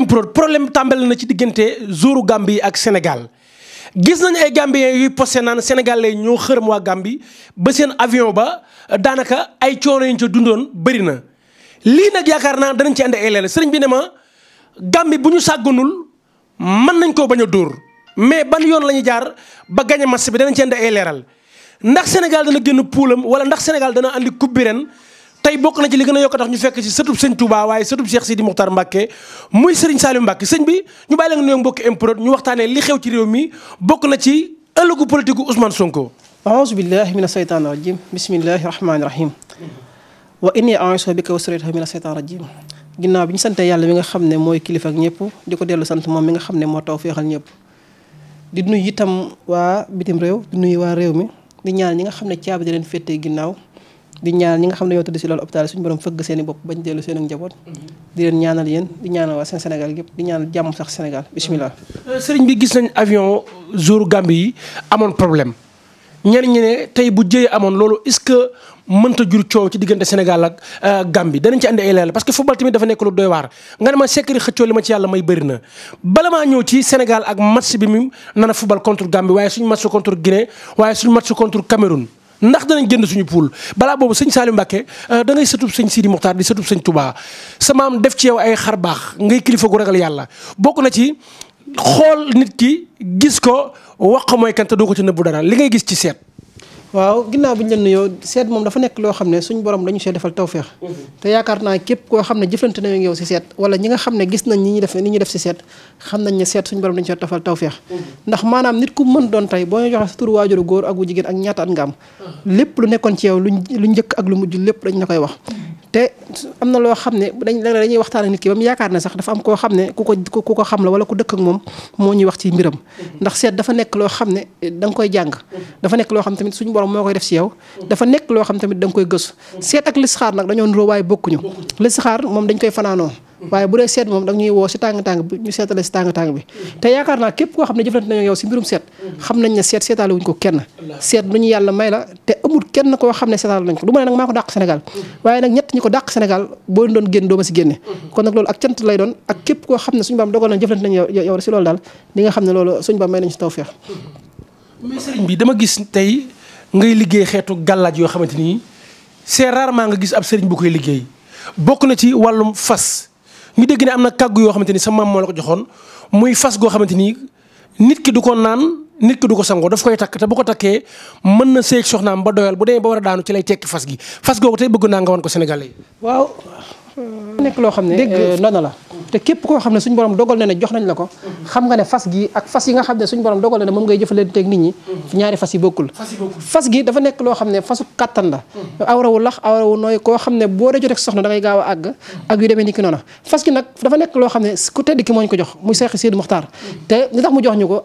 improd problème tàmbali na ci diggante zuru Gambie ak Sénégal gis nañ ay Gambiens yuy posté naan sénégalais ñoo xërëm waa Gambie ba seen avion ba daanaka ay coono yi ñu dundoon bëri na. lii nag yaakaar naa danañ ci andi ay leeral sëriñ bi ne ma Gambie bu ñu sàgganul mën nañ koo bañ a dóor mais ban yoon la ñuy jaar ba gañe match bi danañ ci andi ay leeral ndax Sénégal dana génn puulam wala ndax Sénégal dana àndi coupe ren tey bokk na ci li gën a yokk tax ñu fekk ci sëtub sëñ Touba waaye sëtub Cheikh Sidi Mokhtar Mbacke muy Serigne Saliou Mbacke sëñ bi ñu bàyyi la nga nuyoo mbokki improd ñu waxtaanee li xew ci réew mi bokk na ci ëllëgu politique Ousmane Sonko. aouzu billahi mina shaytaani rajim bismillahi rahmaani rahim wa inni aouzu bika wa surriyatahu mina bi ñu sante yàlla mi nga xam ne mooy kilifa ak ñëpp di ko dellu sant moom mi nga xam ne moo taw feexal ñëpp di nuyu tam waa bitim réew di nuyu waa réew mi di ñaan ñi nga xam ne caabi di leen féetee ginnaaw di ñaanal ñi nga xam ne ñoo tëdd si loolu hôpital suñu borom fëgg seen i bopp bañ dellu seen ak njaboot di leen ñaanal yéen di ñaanal waa seen Sénégal yëpp di ñaanal jàmm sax Sénégal bisimilah. Euh, sëriñ bi gis nañ avion jour Gambie yi amoon problème ñenn ñi ne tey bu jëyee amoon loolu est-ce que mënta jur coow ci diggante Sénégal ak euh, Gambie danañ ci andi ay leeral parce que football tamit dafa nekk lu doy waar nga ne ma sekkari xëccoo li ma ci yàlla may bëri na bala maa ñëw bi waaye suñu match contre Guinée waaye suñu match contre Cameroun ndax danañ génn suñu poul balaa boobu sëñ Saliou Mbacké euh, da ngay sëtub sëñ Sidi Mokhtar di sëtub sëñ Touba sama am def ci yow ay xar baax ngay kilifa gu ragal yàlla bokk na ci xool nit ki gis ko wax mooy kan te doo ko ci nëbbu dara li ngay gis ci seet waaw ginnaaw bi ñu leen nuyoo seet moom dafa nekk loo xam ne suñu borom dañu see defal tawféex mhm. te yaakaar naa képp koo xam ne jëflante na yow si seet wala ñi nga xam ne gis nañ ñi ñuy def ni ñuy def si seet xam nañ ne seet suñu borom dañu see defal tawféex mhm. ndax maanaam nit ku mën doon tey boo ñu joxee sa tur waajuru góor ak wu jigéen ak ñaata at ah. lépp lu nekkoon ci yow luñ lu njëkk ak lu mujj lépp dañ la koy wax te am na loo xam ne dañ dañuy waxtaan ak nit ki ba mu yaakaar ne sax dafa am koo xam ne ku ko xam la wala ku dëkk moom moo ñuy wax ci mbiram mm-hmm. ndax seet dafa nekk loo xam ne da nga koy jàng mm-hmm. dafa nekk loo xam tamit suñu moo koy def si yow mm-hmm. dafa nekk loo xam da nga koy gëstu seet ak listixaar nag dañoo nuroo waaye bokkuñu listixaar moom dañ koy fanaanoo waaye bu dee seet moom da ñuy woo si tàng-tàng bi ñu seetale si tàng-tàng bi te yaakaar naa képp koo xam ne jëflante nañu yow si mbirum seet xam nañ ne seet seetaale lu ñu yàlla may la amul kenn koo xam ne seetaan nañ ko du ma ne nag maa ko dàq Sénégal waaye nag ñett ñi ko dàq Sénégal boo doon génn doo ma si génne kon nag loolu ak cant lay doon ak képp koo xam ne suñu baam dogal nañ jëflante nañ nga gis ngay liggéey xeetu gàllaaj yoo xamante ni c'est rarement nga gis ab sëriñ bu koy liggéey bokk na ci wàllum fas ñu dégg ne am na kàggu yoo xamante ni sa maam moo la ko joxoon muy fas goo xamante ni nit ki du ko naan nit ki du ko sangoo daf koy takk te bu ko takkee mën na seeg soxnaam ba doyal bu demee ba war a daanu ci lay tekki fas gi fas googu tey bëgg naa nga wan ko Sénégalais yi. waaw nekk loo xam ne euh, noonu la. te képp koo xam ne suñu borom dogal na ne jox nañ la ko mhm. xam nga ne fas gi ak fas yi nga xam ne suñu borom dogal na ne moom ngay jëfalanteeg nit ñi mhm. ñaari fas yi bokkul fas gi dafa nekk loo xam ne fasu kattan la mhm. awrawu lax awrawu koo xam ne boo dee jotee soxna da ngay gaaw a àgg ak yu demee ni ki nekk loo xam ne ku tedd ki mooñ ko jox mu Seex Sidi Muxtaar te li tax mu jox ñu ko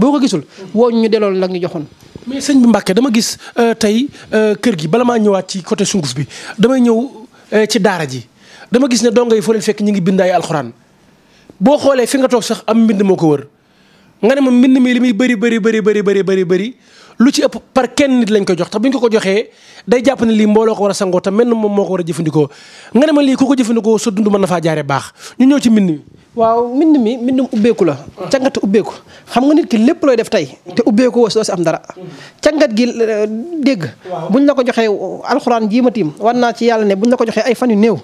boo ko gisul woo ñu delloo la ñu joxoon. mais sëñ bi Mbàkke dama gis euh, tey euh, kër gi bala maa ñëwaat ci côté sunguf bi damay ñëw euh, ci daara ji dama gis ne dongo yi foo leen fekk ñu ngi bind ay alxuraan boo xoolee fi nga toog sax am mbind moo ko wër nga ne ma mbind mii li muy bëri bëri bëri bëri bëri bëri lu ci ëpp par kenn nit lañ ko jox te bu ñu ko ko joxee day jàpp ne lii mbooloo ko war a sangoo te mel na moom moo ko war a jëfandikoo nga ne ma lii ku ko jëfandikoo sa dund mën na faa jaaree baax ñu ñëw ci mbind mi. waaw mbind mi mbindum ubbeeku la. càngat ubbeeku xam nga nit ki lépp looy def tey. te ubbeeku woo si doo si am dara. cangat gi euh, dégg. bu buñ la ko joxee alxuraan jii ma tiim war naa ci yàlla ne bu buñ la ko joxee ay fan yu néew.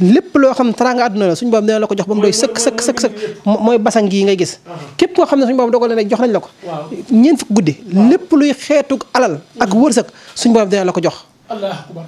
lépp loo xam ne teraanga àdduna la suñu borom dina la ko jox ba mu doy sëkk sëkk sëkk sëkk mooy basang yi ngay gis képp koo xam ne suñu borom dogal na ne jox nañ la ko ñeent fukk guddi lépp luy xeetu alal ak wërsëg suñu borom dina la ko jox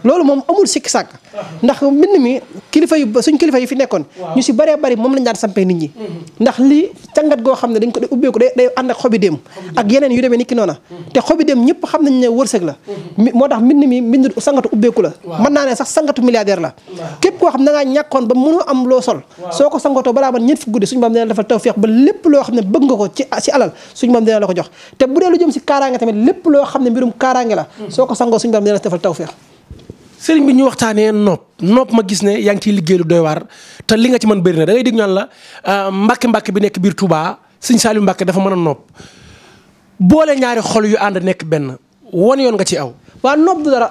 loolu moom amul sikki sàkk ndax mbind mi kilifa yu suñ kilifa yu fi nekkoon ñu si bëree bari moom lañ daan sampee nit ñi mm-hmm. ndax lii càngat goo xam ne dañ ko day ubbeeku day day ak xobi déem ak demee niki noona mm-hmm. te xobi déem ñëpp xam nañ ne wërsëg la mm-hmm. moo tax mbind mi mbind sangatu ubbeeku la mën naa ne sax sangatu milliardaire la képp koo xam ne da ngaa ñàkkoon ba mënoo am loo sol soo ko sangatoo balaa man ñeent fi guddi suñu borom dina la defal tawfeex ba lépp loo xam ne bëgg nga ko ci ci alal suñu borom dina te bu dee lu jëm si kaaraange tamit lépp loo xam ne mbirum kaaraange la soo ko sangoo suñu borom dina la sëriñ bi ñu waxtaanee nopp nopp ma gis ne yaa ngi ciy liggéey lu doy waar te li nga ci man bëri na da ngay dégg ñaan la euh, mbàkke mbàkke bi nekk biir Touba sëñ Saliou Mbàkke dafa mën a nopp boole ñaari xol yu ànd nekk benn wan yoon nga ci aw. waa nopp du dara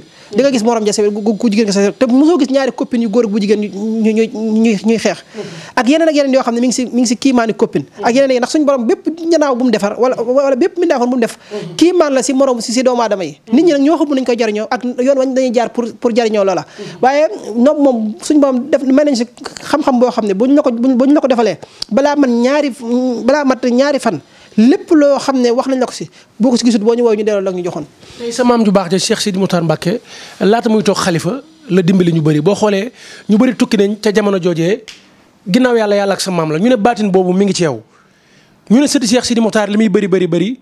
copine di nga gis morom ja sa ku jigéen nga sa te mosoo gis ñaari copine yu góor bu jigéen ñuy xeex ak yeneen ak yeneen yoo xam ne mi ngi si mi ngi si kiimaani copine ak yeneen ndax suñu ak yoon wañ dañuy jaar pour jariñoo loola waaye noom moom suñu borom def may xam-xam boo xam ne buñ la ko buñ la ko defalee balaa man ñaari balaa ñaari fan lépp loo xam ne wax nañ la si boo ko si gisut boo ñu woowee ñu delloo la ñu joxoon. tey sa maam ju baax ja Cheikh Sidi Moutar Mbacké laata muy toog xalifa la dimbali ñu bëri boo xoolee ñu bëri tukki nañ ca jamono joojee ginnaaw yàlla yàlla ak sa maam la ñu ne baatin boobu mu ngi ci yow ñu ne sëti Cheikh Sidi Moutar li muy bari bari bari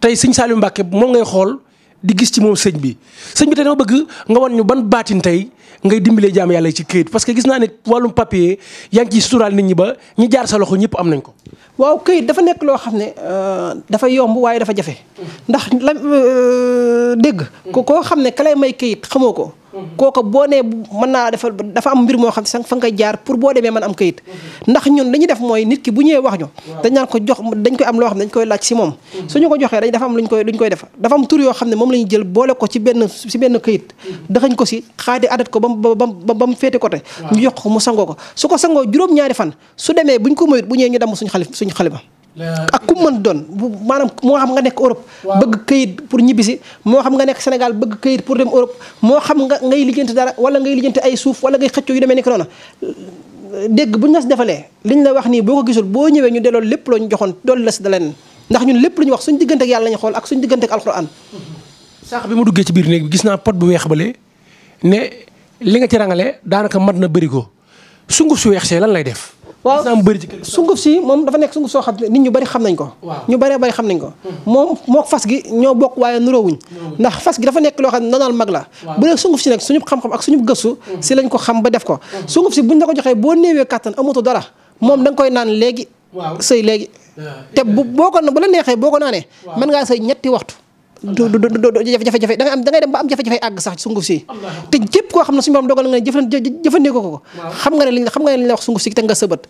tey sëñ Saliou Mbacké moom ngay xool di gis ci moom sëñ bi sëñ bi tey dama bëgg nga wan ñu ban baatin tey ngay dimbalee jaam yàlla ci këyit parce que gis naa ne wàllum papier yaa ngi ciy suturaal nit ñi ba ñi jaar sa loxo ñëpp am nañ ko. waaw këyit dafa nekk loo xam ne euh, dafa yomb waaye dafa jafe. ndax la euh, dégg. ko koo xam ne ka lay may këyit xamoo ko. Mm-hmm. kooka boo nee mën naa defal dafa am mbir moo xam ne sax fa nga jaar pour boo demee man am kayit mm-hmm. ndax ñun li ñuy def mooy nit ki bu ñëwee wax ñu dañ naan ko jox dañ koy am loo xam ne koy laaj si moom mm-hmm. suñu ko joxee dañ dafa am luñ koy luñ koy def dafa am tur yoo xam ne moom la ñu jël boole ko ci benn si benn kayit daxañ ko si xaati adat ko bam ba ba mu féete côté ñu jox ko mu sangoo ko su ko sangoo juróom ñaari fan su demee buñ ko moyut bu ñëwee ñu damm suñ xalif suñ xalima ak ku mën doon bu maanaam moo xam nga nekk Europe bëgg këyit pour ñibbisi moo xam nga nekk Sénégal bëgg këyit pour dem Europe moo xam nga ngay lijjanti dara wala ngay lijjanti ay suuf wala ngay xëccoo yu demee nekk noona dégg bu ñu nas defalee li ñu la wax nii boo ko gisul boo ñëwee ñu delloo lépp loo ñu joxoon dool las da leen ndax ñun lépp lu ñu wax suñu diggante yàlla lañu xool ak suñu diggante ak alxuraan sax bi ma duggee ci biir néeg gis naa pot bu weex bale ne li nga ci rangale daanaka mat na bëri ko sunguf su weex see lan lay def waaw sunguf si moom dafa nekk sunguf soo xam ne nit ñu bari xam nañ ko ñu bari bari xam nañ ko moom moo fas gi ñoo bokk waaye nuroowuñ ndax fas gi dafa nekk loo xam ne nanaal mag la bu dee sunguf si nag suñu xam-xam ak suñu gëstu hmm. si lañ ko xam ba def ko hmm. sunguf si bu ñu la ko joxee boo néewee kàttan amatoo dara moom da koy naan léegi sëy léegi te bu boo ko bu la neexee boo ko naanee mën ngaa sëy ñetti waxtu jafe-jafe da ngay am da ngay dem ba am jafe-jafe àgg sax sunguf si te képp koo xam ne sunguf si te nga sëbët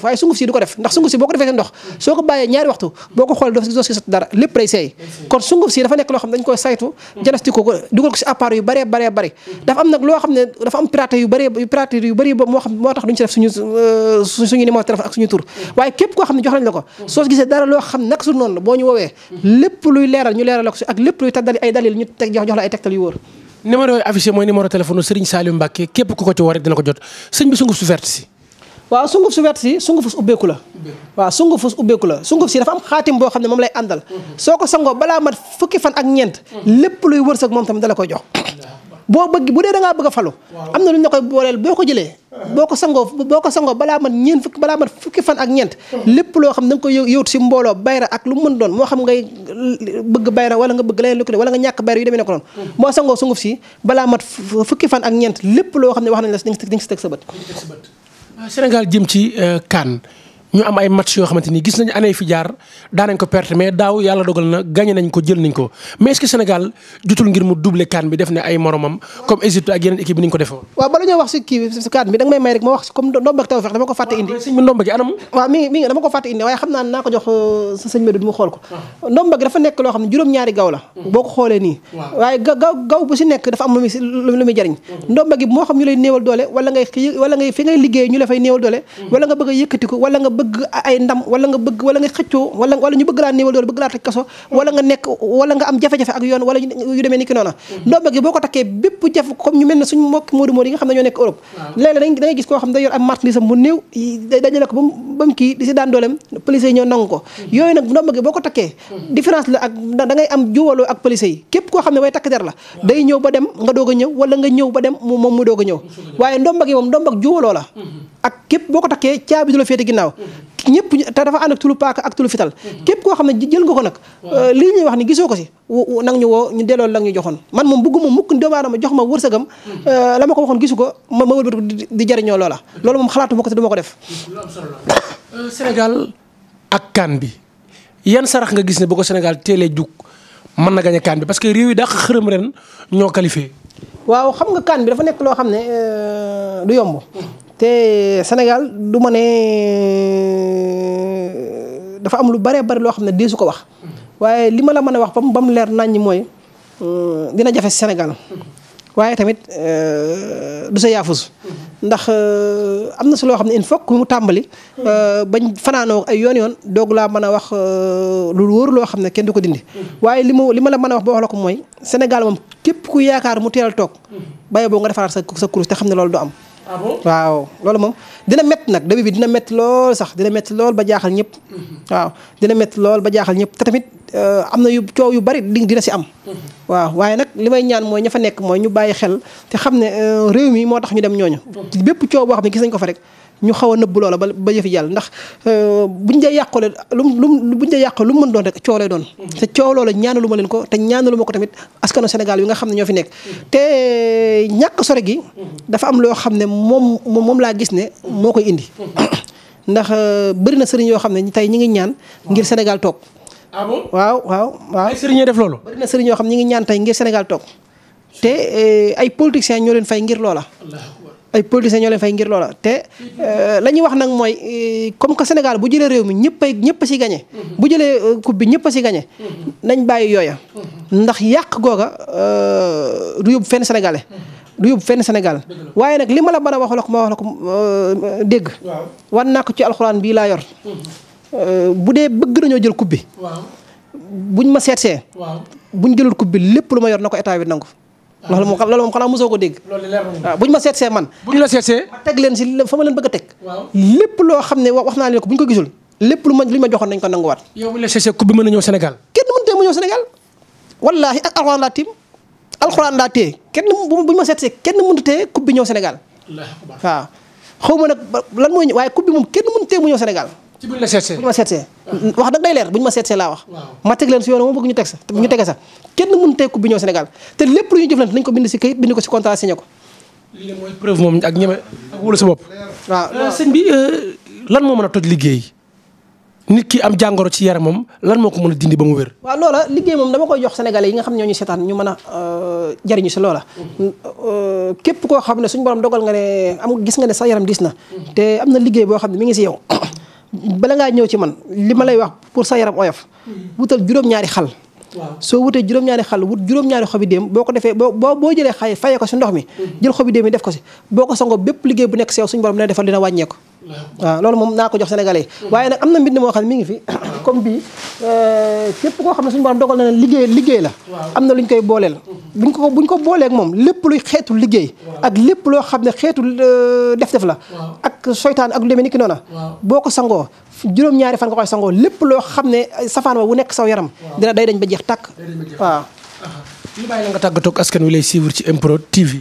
xam na sunguf yi boo ko defee seen ndox soo ko bàyyee ñaari waxtu boo ko xool doo si dara lépp day seey kon sunguf aussi dafa nekk loo xam ne dañ koy saytu diagnostique ko dugal ko si appareil yu bëree bëree bëri dafa am nag loo xam ne dafa am piraté yu bëree piraté yu bëri ba moo xam moo tax duñ euh, koo xam ne jox nañ ko loo xam nag su noonu la boo ñu woowee lépp luy leeral ñu leeral la ko si ak lépp luy taddali ay ñu jox jox la ay tegtal yu wóor numéro yooyu affiché mooy numéro téléphone Serigne Saliou Mbacké képp ku ko ci war rek dina ko jot sëñ bi sunguf su verte si waaw sunguf su wet si sunguf su ubbeeku la waaw sunguf su ubbeeku la sunguf si dafa am xaatim boo xam ne moom lay àndal soo ko sangoo balaa mat fukki fan ak ñeent lépp luy wërsëg moom tamit dala koy jox boo bëgg bu dee a falu am na lu ñu la koy ko jëlee boo ko sangoo boo ko sangoo balaa mat ñeent fukki balaa mat fukki fan ak ñeent lépp loo xam da nga koy yóot si mbooloo bayra ak lu mën doon moo xam ngay bëgg wala nga bëgg leneen lu ko nga ñàkk bayra yu ne ko noonu moo sangoo sunguf si balaa mat fukki fan ak ñeent lépp loo xam ne wax nañ la di nga si teg sa bët Sénégal jëm ci euh, CAN ñu am ay match yoo xamante ni gis nañu année fi daanañ ko perte mais daaw yàlla dogal na gagné nañ ko jël nañ ko mais est Sénégal jotul ngir mu doublé CAN bi def ne ay moromam comme Égypte ak yeneen équipe bi ni ñu ko defewoon ah, waaye xam naa naa ko jox uh, sëñ Médoune mu xool ko ah. ndomba gi dafa nekk loo xam ne juróom-ñaari gaw la hmm. boo ko xoolee nii waaye gaw gaw bu si nekk dafa am lu muy jariñ hmm. ndomba gi moo xam ñu lay néewal doole wala ngay fi ngay bëgg ay ndam wala nga xëccoo wala nga nekk wala nga am jafe-jafe ak yoon wala yu demee ni ki noona mm-hmm. ndombag gi boo ko takkee bépp da ngay gis koo xam ne da yor am marchandise am bu néew dajale ko bam ba mu kii di si daan dooleem police yi ñoo nangu ko mm-hmm. yooyu nag mm-hmm. xam ne way takk der la day ñëw ba dem nga doog a ñëw wala nga ñëw ba dem moom mu doog ñëw waaye ndombag gi moom ndombag juwaloo la ak képp boo ko takkee caabi du la féete ginnaaw ñëpp te dafa ànd ak tulu paaka ak tulu fital mhm. képp koo xam ne jël nga ko nag euh, li ñuy wax ni gisoo ko si nag ñu woo ñu delloo la ñu joxoon man moom bëgguma mukk doomu aadama jox ma wërsëgam mhm. euh, la ma ko waxoon gisu ko ma ma wëlbatu di jariñoo loola mhm. loolu moom xalaatu ma ko si du ma ko def euh, Sénégal ak kan bi yan sarax nga gis ne bu ko Sénégal teelee jug mën na gañ a kan bi parce que réew yi dàq xërëm ren ñoo qualifié waaw xam nga kan bi dafa nekk loo xam ne du yomb te senegal du ma ne dafa am lu bëree bëri loo xam ne dee su ko wax waaye li ma la mën a wax ba ba mu leer naññ mooy euh, dina jafe Sénégal waaye tamit euh, du sa yaafus. ndax euh, na si loo xam ne il faut mu tàmbali. bañ fanaanoo ay yoon yoon doog laa mën a wax lu wóor loo xam du ko dindi. waaye li ma li ma la mën a wax ba ko mooy Sénégal moom képp ku yaakaar mu teel toog. bàyyi boo nga defaraat sa sa kurus te xam ne loolu du am. Ah waaw loolu moom dina métti nag début bi dina métti lool sax dina métti lool ba jaaxal ñëpp mhm. waaw dina métti lool ba jaaxal ñëpp te tamit euh, am na yu coow yu bari di dina si am mhm. waaw waaye nag li may ñaan mooy ña fa nekk mooy ñu bàyyi xel te xam ne euh, réew mi moo tax ñu dem ñooñu mhm. bépp coow boo xam ne gis nañ ko fa rek ñu xaw a nëbb loola ba ba yëf yàlla ndax euh, buñ dee yàqule lu lu buñ dee yàq lu mun mën doon rek coow lay doon mm-hmm. te coow loola ñaanalu ma leen ko te ñaanalu ma ko tamit askanu Sénégal yi nga xam ne ñoo fi nekk mm-hmm. te ñàkk sore gi mm-hmm. dafa am loo xam ne moom moom laa gis ne moo koy indi ndax euh, bëri na sëriñ yoo xam ne tey ñi ngi ñaan ngir ah. Sénégal toog ah waaw waaw waaw sëriñ def loolu bëri na sëriñ yoo xam ne ñi ngi ñaan tey ngir Sénégal toog te euh, ay politiciens ñoo leen fay ngir loola ay politiciens ñoo leen fay ngir loola te euh, la ñuy wax nag mooy euh, comme que Sénégal bu jëlee réew mi ñëpp ay ñëpp a si gagné. Mm-hmm. bu jëlee euh, coupe bi ñëpp si gagné. Mm-hmm. nañ bàyyi yooya. Mm-hmm. ndax yàq googa du yóbbu fenn sénégalais. du yóbbu fenn Sénégal waaye nag li ma la mën a wax la ko ma wax ko dégg. wan naa ci alxuraan bii laa yor. bu dee bëgg nañoo jël coupe bi. buñ ma seetsee. buñ jëlul coupe bi lépp lu ma yor na ko état bi nangu. loolu moom xam loolu moom xanaa mosoo ko dégg waaw bu ñu ma seetsee man bu ñu la seetsee ma teg leen si fa ma leen bëgg a teg lépp loo xam ne wax naa leen ko bu ñu ko gisul lépp lu ma lu ñu ma joxoon nañ ko nanguwaat yow bu ñu la seetsee coupe bi mën na ñëw Sénégal kenn mënutee mu ñëw Sénégal wallaahi ak alxuraan laa tiim alxuraan laa téye kenn bu ñu ma seetsee kenn mënutee coupe bi ñëw senegal waaw xaw ma nag lan mooy waaye coupe bi moom kenn mënutee mu ñëw Sénégal ci buñ la seetsee ma seetsee wax nag day leer buñ ma seetsee laa wax ma teg leen si yoon moom bëgg ñu teg sa ñu tege sa kenn mën tey ko bi ñoo Sénégal te lépp lu ñu jëflante nañ ko bind si kayit bind ko si contrat signé ko lii ak ñeme ak wóolu sa bopp waaw euh, sëñ bi euh, lan moo mën a toj liggéey nit ki am jàngoro ci yaramam lan moo ko mën a dindi ba mu wér waaw loola liggéey moom dama koy jox sénégalais yi nga xam ne ñoo ñu seetaan a euh, jariñu si loola képp koo xam ne suñu borom dogal nga am gis nga ne sa yaram dis na mm-hmm. te am na liggéey boo xam ne mi ngi si yow bala ngaa ñëw ci man li ma lay wax pour sa yaram oyof wutal juróom-ñaari xal soo wutee juróom-ñaari xal wut juróom-ñaari xobi déem boo ko defee boo boo jëlee xay fayee ko si ndox mi hmm. jël xobi déem yi def ko si boo ko sango bépp liggéey bu nekk sew suñu borom dina defal dina moom naa ko jox sénégalais yi hmm. waaye nag am na mbind moo xam ne mi ngi fi comme bii euh, koo xam ne suñu borom dogal na ne liggéey liggéey la am na lu koy booleel hmm. buñ ko buñ ko booleeg moom lépp luy xeetu liggéey ak lépp loo xam ne xeetu euh, def def la ak soytaan ak lu demee ni ki noona boo ko sangoo juróom-ñaari fan nga koy sangoo lépp loo xam ne safaan wa wu nekk saw yaram dina day dañ ba jeex tàkk waaw ñu bàyyi la askan wi lay suivre ci MPROD TV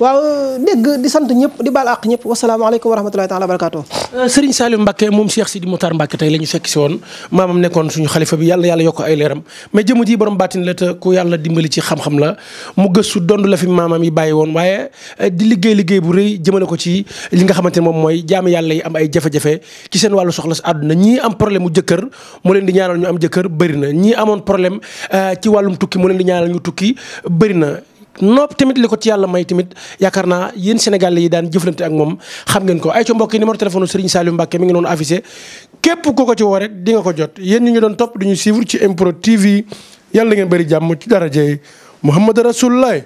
waaw dégg di sant ñëpp di baal àq ñëpp wasalaamaaleykum wa rahmatulahi taala wa barakaatu euh, Serigne Saliou Mbacke moom Cheikh Sidi Moutar Mbacke tey la ñu fekk si woon maamam nekkoon suñu xalifa bi yàlla yàlla yokk ay leeram mais jëmu ji borom baatin la te ku yàlla dimbali ci xam-xam la mu gëstu dond la fi maamam yi bàyyi woon waaye euh, di liggéey liggéey bu rëy jëmale ko ci li nga xamante ne moom mooy jaami yàlla yi am ay jafe-jafe ci seen wàllu soxla si àdduna ñii am problème mu jëkkër mu leen di ñaanal ñu am jëkkër bëri ñii amoon problème euh, ci wàllum tukki mu leen di ñu tukki bëri na nopp tamit li ko ci yàlla may tamit yaakaar naa yéen sénégalais yi daan jëflante ak moom xam ngeen ko ay ca mbokk yi numéro téléphone Serigne Saliou Mbacké ngi noonu affiché képp ku ko ci woo rek ko jot yéen ñi ñu doon topp duñu suivre ci MPROD TV yàlla ngeen bëri jàmm ci darajey Muhammad Rasulullah